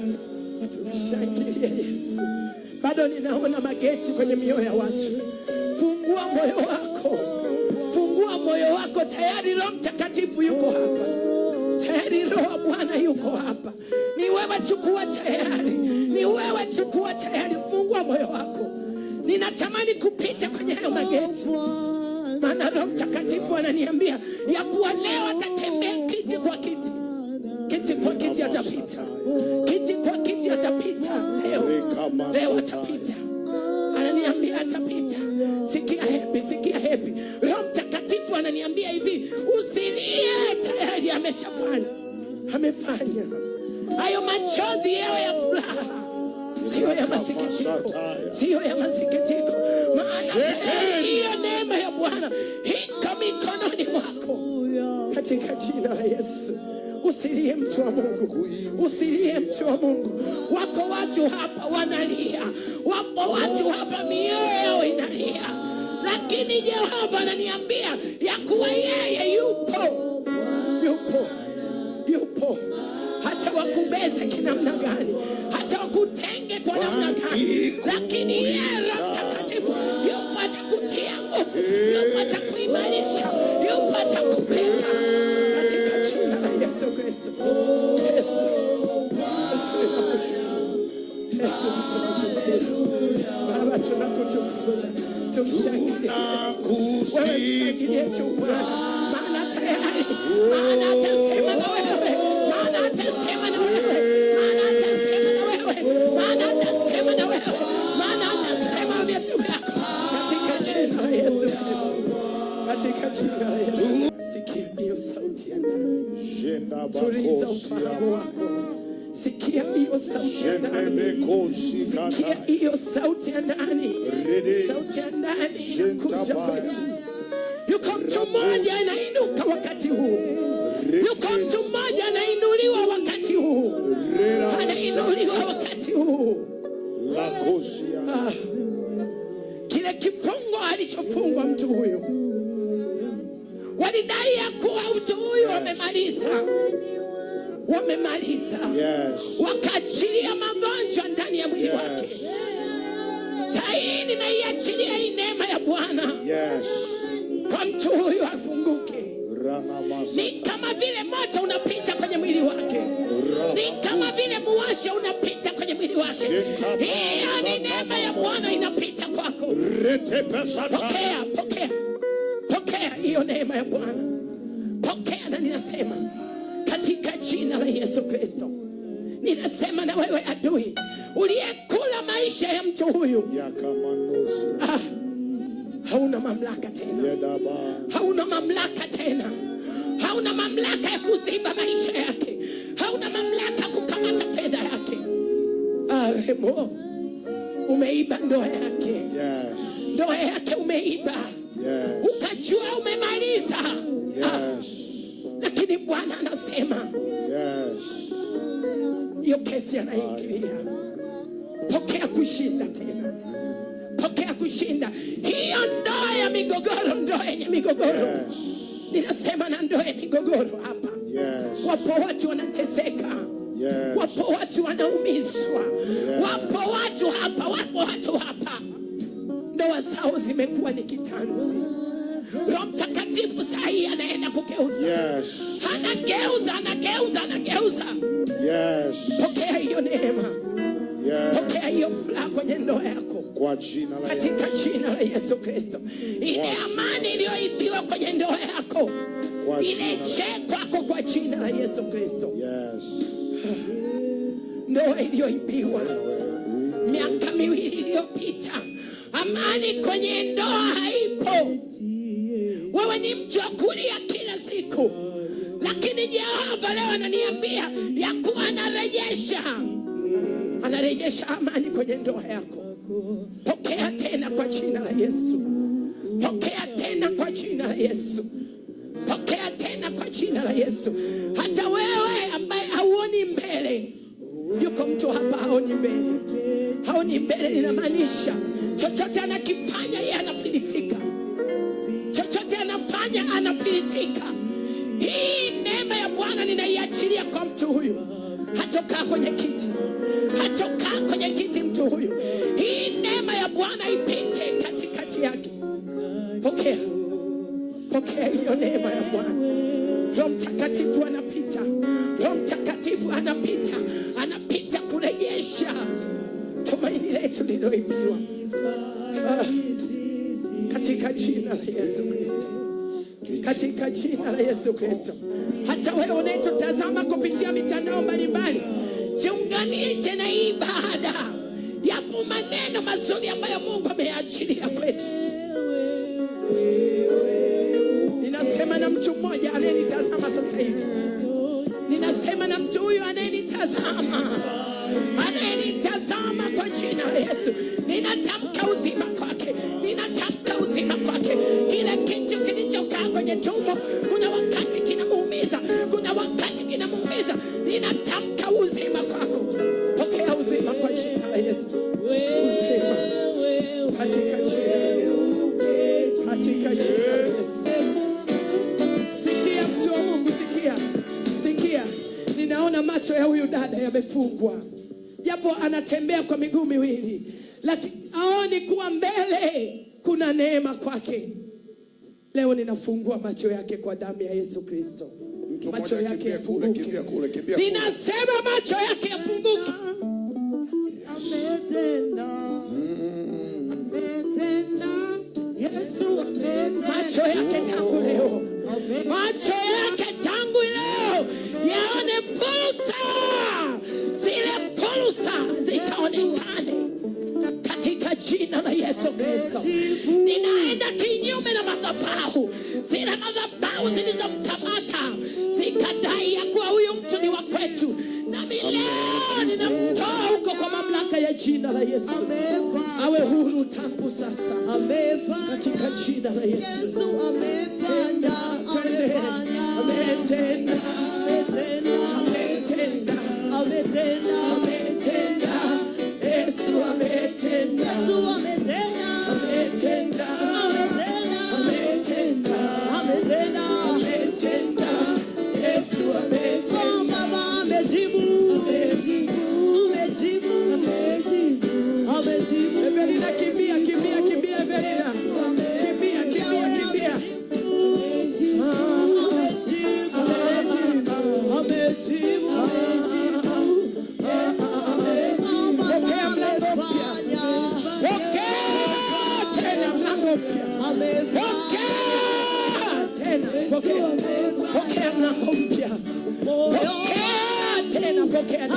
Tumshangilie Yesu. Bado ninaona mageti kwenye mioyo ya watu. Fungua moyo wako, fungua moyo wako. Tayari Roho Mtakatifu yuko hapa, tayari Roho wa Bwana yuko hapa. Ni wewe, chukua tayari, ni wewe, chukua tayari. Fungua moyo wako. Ninatamani kupita kwenye hayo mageti, maana Roho Mtakatifu ananiambia ya kuwa leo atatembea kiti kwa kiti kiti kwa kiti atapita, kiti kwa kiti atapita leo, leo atapita. Ananiambia atapita. Sikia hepi, sikia hepi. Roho Mtakatifu ananiambia hivi, usilie, tayari ameshafanya, amefanya hayo. Machozi yao ya furaha siyo ya masikitiko, siyo ya masikitiko, maana hiyo neema ya Bwana hika mikononi mwako katika jina la Yesu. Usilie mtu wa Mungu, usilie mtu wa Mungu. Wako watu hapa wanalia, wapo watu hapa mioyo yao inalia, lakini Jehova ananiambia ya kuwa yeye yupo, yupo, yupo, hata wakubeze kinamna gani, hata wakutenge kwa namna gani, lakini yeye Roho Mtakatifu yupo, atakutia nguvu, yupo atakuimarisha, yupo atakubeba kutukuza, Sikia hiyo sauti ya ndani, sikia hiyo sauti ya ndani sauti ndani yuko mtu mmoja anainuka wakati huu, yuko mtu mmoja anainuliwa wakati huu, anainuliwa wakati huu. Ah. kile kifungo alichofungwa mtu huyu, walidai ya mtu huyu wamemaliza, wamemaliza, wakaachilia magonjwa Saini na iachilia hii neema ya Bwana yes. Kwa mtu huyu afunguke. Ni kama vile moto unapita kwenye mwili wake, ni kama vile muwasho unapita kwenye mwili wake. Hiyo ni neema ya Bwana inapita kwako. Pokea, pokea, pokea hiyo neema ya Bwana, pokea. Na ninasema katika jina la Yesu Kristo, ninasema na wewe adui uliyekula maisha ya mtu huyu ah, hauna mamlaka tena, hauna mamlaka tena, hauna mamlaka ya kuziba maisha yake, hauna mamlaka ya kukamata fedha yake. aremo ah, umeiba ndoa yake yes. Ndoa yake umeiba yes. Ukajua umemaliza ah, yes. Lakini Bwana anasema hiyo Kesi anaingilia Pokea kushinda tena, pokea kushinda. Hiyo ndoa ya migogoro, ndoa yenye migogoro yes. Ninasema na ndoa ya migogoro hapa yes. Wapo watu wanateseka yes. Wapo watu wanaumizwa yes. Wapo watu hapa, wapo watu hapa ndoa zao zimekuwa ni kitanzi. Roho Mtakatifu sahii anaenda kugeuza yes. Anageuza, anageuza, anageuza yes. Pokea hiyo neema pokea hiyo furaha kwenye ndoa yako katika jina la Yesu Kristo. Ile amani iliyoibiwa kwenye ndoa yako irejee kwako kwa jina la Yesu Kristo. Ndoa iliyoibiwa miaka miwili iliyopita, amani kwenye ndoa haipo. Wewe ni mtu wa kulia kila siku, lakini Jehova leo ananiambia ya kuwa anarejesha anarejesha amani kwenye ndoa yako. Pokea tena kwa jina la Yesu, pokea tena kwa jina la Yesu, pokea tena kwa jina la Yesu. Hata wewe ambaye hauoni mbele, yuko mtu hapa haoni mbele, haoni mbele, linamaanisha chochote anakifanya yeye anafilisika, chochote anafanya anafilisika. Hii neema ya Bwana ninaiachilia kwa mtu huyu, hatokaa kwenye kiti kukaa kwenye kiti mtu huyu, hii neema ya Bwana ipite katikati yake. Pokea, pokea hiyo neema ya Bwana. Roho Mtakatifu anapita, Roho Mtakatifu anapita, anapita kurejesha tumaini letu liloibzwa ah, katika jina la Yesu Kristo, katika jina la Yesu Kristo. Hata wewe unaetotazama kupitia mitandao mbalimbali jiunganishe na ibada. Yapo maneno mazuri ambayo Mungu ameyaachilia kwetu. Ninasema na mtu mmoja anayenitazama sasa hivi, ninasema na mtu huyu anayenitazama, anayenitazama kwa jina la Yesu, ninatamka amefungwa, japo anatembea kwa miguu miwili, lakini aoni kuwa mbele kuna neema kwake. Leo ninafungua macho yake kwa damu ya Yesu Kristo, macho yake yafunguke. Ninasema macho yake yafunguke. Mm. Macho yake jina la Yesu awe huru tangu sasa, katika jina la Yesu. Ametenda, ametenda, ametenda, ametenda pokea, pokea mlango mpya, pokea tena, pokea tena,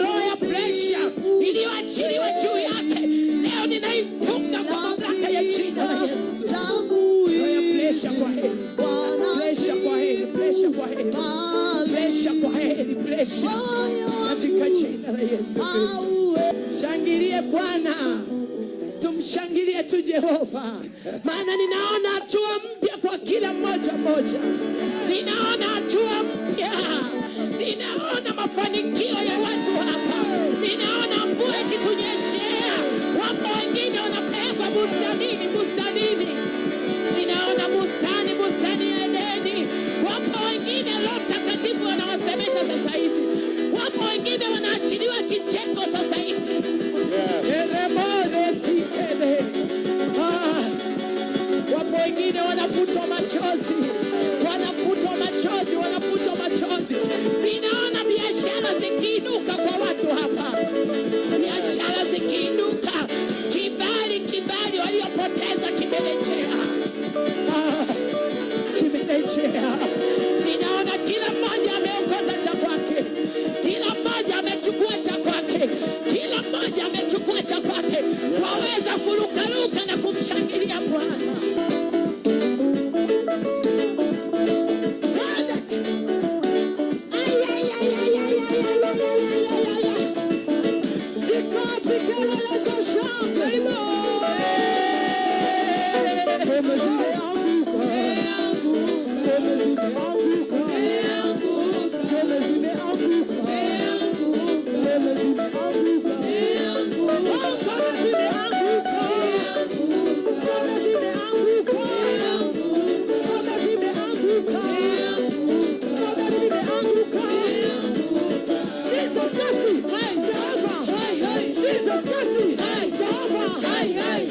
roho ya presha iliyoachiliwa juu yake leo ninaifunga kwa mamlaka ya jina la Yesu. kwa heri, katika jina la Yesu Shangilie Bwana tumshangilie tu Jehova, maana ninaona hatua mpya kwa kila mmoja mmoja, ninaona hatua mpya, ninaona mafanikio ya watu hapa. kila mmoja